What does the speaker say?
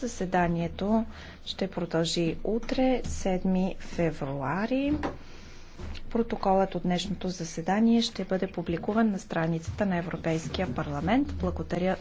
Заседанието ще продължи утре, 7 февруари. Протоколът от днешното заседание ще бъде публикуван на страницата на Европейския парламент. Благодаря